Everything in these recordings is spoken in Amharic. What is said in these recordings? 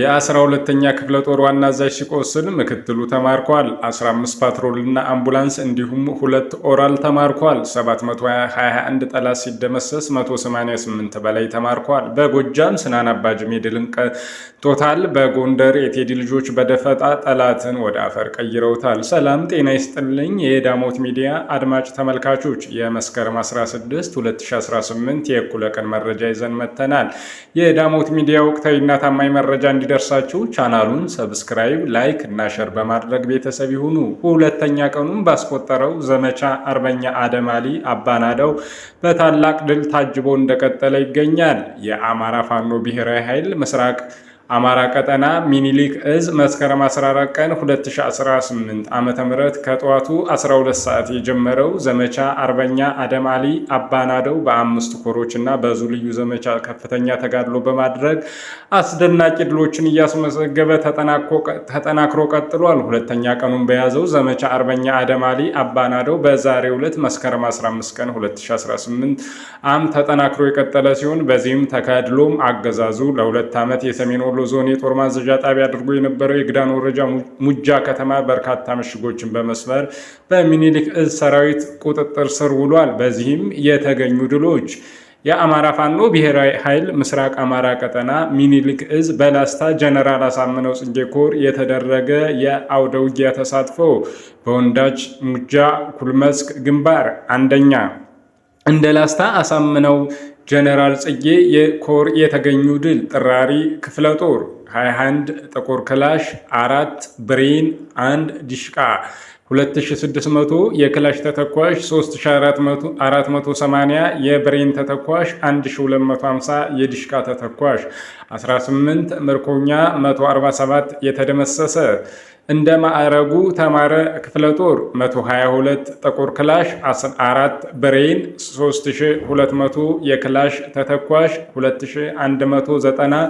የአስራ ሁለተኛ ክፍለ ጦር ዋና አዛዥ ሲቆስል ምክትሉ ተማርኳል። 15 ፓትሮልና አምቡላንስ እንዲሁም ሁለት ኦራል ተማርኳል። 721 ጠላት ሲደመሰስ 188 በላይ ተማርኳል። በጎጃም ስናን አባጅሜ ድልን ቀጥቶታል። በጎንደር የቴዲ ልጆች በደፈጣ ጠላትን ወደ አፈር ቀይረውታል። ሰላም ጤና ይስጥልኝ የዳሞት ሚዲያ አድማጭ ተመልካቾች የመስከረም 16 2018 የእኩለ ቀን መረጃ ይዘን መጥተናል። የዳሞት ሚዲያ ወቅታዊና ታማኝ መረጃ እንዲደርሳችሁ ቻናሉን ሰብስክራይብ፣ ላይክ እና ሸር በማድረግ ቤተሰብ ይሁኑ። ሁለተኛ ቀኑን ባስቆጠረው ዘመቻ አርበኛ አደም አሊ አባናዳው በታላቅ ድል ታጅቦ እንደቀጠለ ይገኛል። የአማራ ፋኖ ብሔራዊ ኃይል ምስራቅ አማራ ቀጠና ሚኒሊክ እዝ መስከረም 14 ቀን 2018 ዓ ም ከጠዋቱ 12 ሰዓት የጀመረው ዘመቻ አርበኛ አደም አሊ አባናደው በአምስት ኮሮች እና በዙ ልዩ ዘመቻ ከፍተኛ ተጋድሎ በማድረግ አስደናቂ ድሎችን እያስመዘገበ ተጠናክሮ ቀጥሏል። ሁለተኛ ቀኑን በያዘው ዘመቻ አርበኛ አደም አሊ አባናደው በዛሬ ዕለት መስከረም 15 ቀን 2018 አም ተጠናክሮ የቀጠለ ሲሆን በዚህም ተጋድሎም አገዛዙ ለሁለት ዓመት የሰሜን ወሎ ዞን የጦር ማዘዣ ጣቢያ አድርጎ የነበረው የግዳን ወረጃ ሙጃ ከተማ በርካታ ምሽጎችን በመስበር በሚኒሊክ እዝ ሰራዊት ቁጥጥር ስር ውሏል። በዚህም የተገኙ ድሎች የአማራ ፋኖ ብሔራዊ ኃይል ምስራቅ አማራ ቀጠና ሚኒሊክ እዝ በላስታ ጀነራል አሳምነው ጽጌ ኮር የተደረገ የአውደ ውጊያ ተሳትፎ በወንዳጅ ሙጃ ኩልመስክ ግንባር አንደኛ እንደ ላስታ አሳምነው ጀነራል ጽጌ የኮር የተገኙ ድል ጥራሪ ክፍለ ጦር 21 ጥቁር ክላሽ አራት ብሬን አንድ ዲሽቃ 2600 የክላሽ ተተኳሽ 3480 የብሬን ተተኳሽ 1250 የዲሽቃ ተተኳሽ 18 ምርኮኛ 147 የተደመሰሰ እንደ ማዕረጉ ተማረ ክፍለ ጦር 122 ጥቁር ክላሽ 14 ብሬን 3200 የክላሽ ተተኳሽ 2190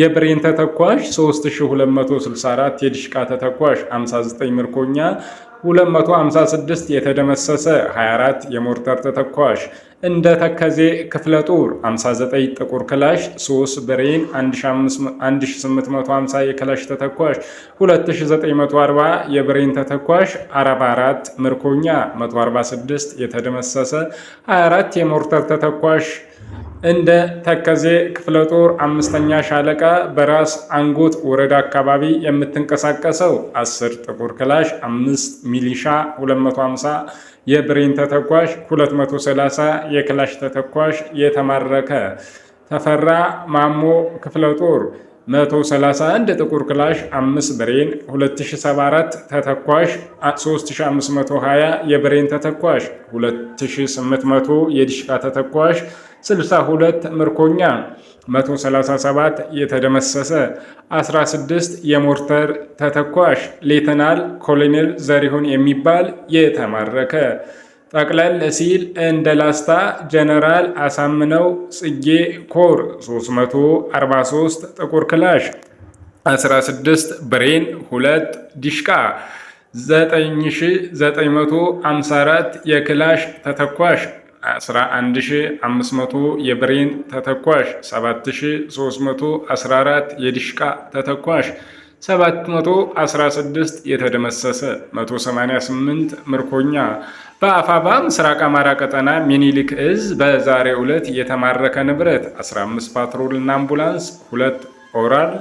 የብሬን ተተኳሽ 3264 የድሽቃ ተተኳሽ 59 ምርኮኛ 256 የተደመሰሰ 24 የሞርተር ተተኳሽ እንደ ተከዜ ክፍለ ጦር 59 ጥቁር ክላሽ 3 ብሬን 1850 የክላሽ ተተኳሽ 2940 የብሬን ተተኳሽ 44 ምርኮኛ 146 የተደመሰሰ 24 የሞርተር ተተኳሽ እንደ ተከዜ ክፍለ ጦር አምስተኛ ሻለቃ በራስ አንጎት ወረዳ አካባቢ የምትንቀሳቀሰው አስር ጥቁር ክላሽ፣ አምስት ሚሊሻ፣ 250 የብሬን ተተኳሽ፣ 230 የክላሽ ተተኳሽ የተማረከ ተፈራ ማሞ ክፍለ ጦር 131 ጥቁር ክላሽ 5 ብሬን 2074 ተተኳሽ 3520 የብሬን ተተኳሽ 2800 የዲሽቃ ተተኳሽ 62 ምርኮኛ፣ 137 የተደመሰሰ፣ 16 የሞርተር ተተኳሽ ሌተናል ኮሎኔል ዘሪሁን የሚባል የተማረከ ጠቅለል ሲል እንደ ላስታ ጀነራል አሳምነው ጽጌ ኮር 343 ጥቁር ክላሽ 16 ብሬን 2 ዲሽቃ 9954 የክላሽ ተተኳሽ 11500 የብሬን ተተኳሽ 7314 የዲሽቃ ተተኳሽ 716 የተደመሰሰ 188 ምርኮኛ በአፋባ ምስራቅ አማራ ቀጠና ሚኒሊክ እዝ በዛሬው ዕለት የተማረከ ንብረት 15 ፓትሮልና አምቡላንስ ሁለት ኦራል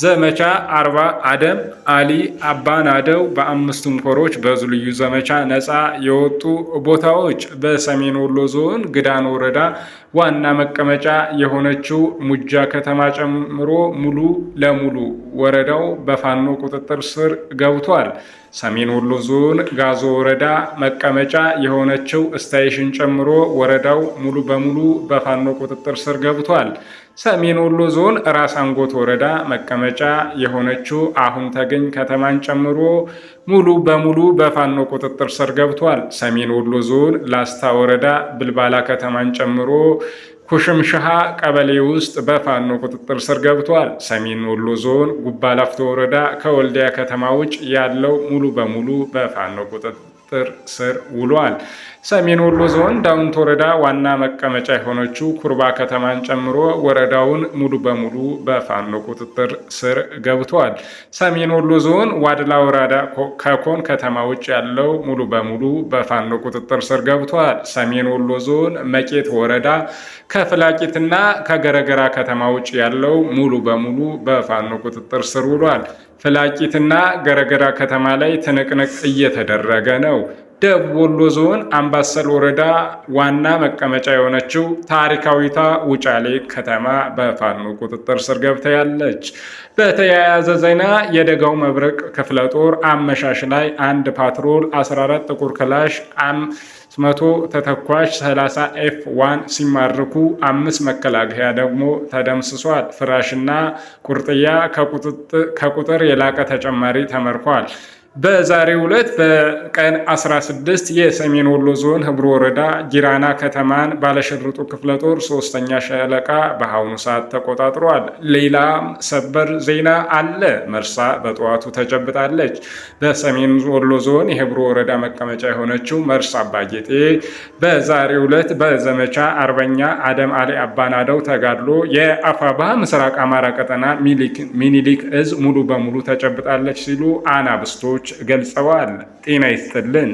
ዘመቻ አርባ አደም አሊ አባናደው በአምስቱም ኮሮች በዙ ልዩ ዘመቻ ነፃ የወጡ ቦታዎች በሰሜን ወሎ ዞን ግዳን ወረዳ ዋና መቀመጫ የሆነችው ሙጃ ከተማ ጨምሮ ሙሉ ለሙሉ ወረዳው በፋኖ ቁጥጥር ስር ገብቷል። ሰሜን ወሎ ዞን ጋዞ ወረዳ መቀመጫ የሆነችው ስታይሽን ጨምሮ ወረዳው ሙሉ በሙሉ በፋኖ ቁጥጥር ስር ገብቷል። ሰሜን ወሎ ዞን ራስ አንጎት ወረዳ መቀመጫ የሆነችው አሁን ተገኝ ከተማን ጨምሮ ሙሉ በሙሉ በፋኖ ቁጥጥር ስር ገብቷል። ሰሜን ወሎ ዞን ላስታ ወረዳ ብልባላ ከተማን ጨምሮ ኩሽምሽሃ ቀበሌ ውስጥ በፋኖ ቁጥጥር ስር ገብቷል። ሰሜን ወሎ ዞን ጉባ ላፍቶ ወረዳ ከወልዲያ ከተማ ውጭ ያለው ሙሉ በሙሉ በፋኖ ቁጥጥር ስር ውሏል። ሰሜን ወሎ ዞን ዳውንት ወረዳ ዋና መቀመጫ የሆነችው ኩርባ ከተማን ጨምሮ ወረዳውን ሙሉ በሙሉ በፋኖ ቁጥጥር ስር ገብቷል። ሰሜን ወሎ ዞን ዋድላ ወረዳ ከኮን ከተማ ውጭ ያለው ሙሉ በሙሉ በፋኖ ቁጥጥር ስር ገብቷል። ሰሜን ወሎ ዞን መቄት ወረዳ ከፍላቂትና ከገረገራ ከተማ ውጭ ያለው ሙሉ በሙሉ በፋኖ ቁጥጥር ስር ውሏል። ፍላቂትና ገረገራ ከተማ ላይ ትንቅንቅ እየተደረገ ነው። ደቡብ ወሎ ዞን አምባሰል ወረዳ ዋና መቀመጫ የሆነችው ታሪካዊቷ ውጫሌ ከተማ በፋኖ ቁጥጥር ስር ገብታለች። በተያያዘ ዜና የደጋው መብረቅ ክፍለ ጦር አመሻሽ ላይ አንድ ፓትሮል 14 ጥቁር ክላሽ መቶ ተተኳሽ 30 ኤፍ ዋን ሲማርኩ አምስት መከላከያ ደግሞ ተደምስሷል። ፍራሽና ቁርጥያ ከቁጥር የላቀ ተጨማሪ ተመርኳል። በዛሬው ዕለት በቀን 16 የሰሜን ወሎ ዞን ህብሮ ወረዳ ጊራና ከተማን ባለሽርጡ ክፍለ ጦር ሶስተኛ ሻለቃ በአሁኑ ሰዓት ተቆጣጥሯል። ሌላ ሰበር ዜና አለ። መርሳ በጠዋቱ ተጨብጣለች። በሰሜን ወሎ ዞን የህብሮ ወረዳ መቀመጫ የሆነችው መርሳ አባጌጤ በዛሬው ዕለት በዘመቻ አርበኛ አደም አሊ አባናደው ተጋድሎ የአፋባ ምስራቅ አማራ ቀጠና ሚኒሊክ እዝ ሙሉ በሙሉ ተጨብጣለች ሲሉ አናብስቶች ገልጸዋል። ጤና ይስጥልን።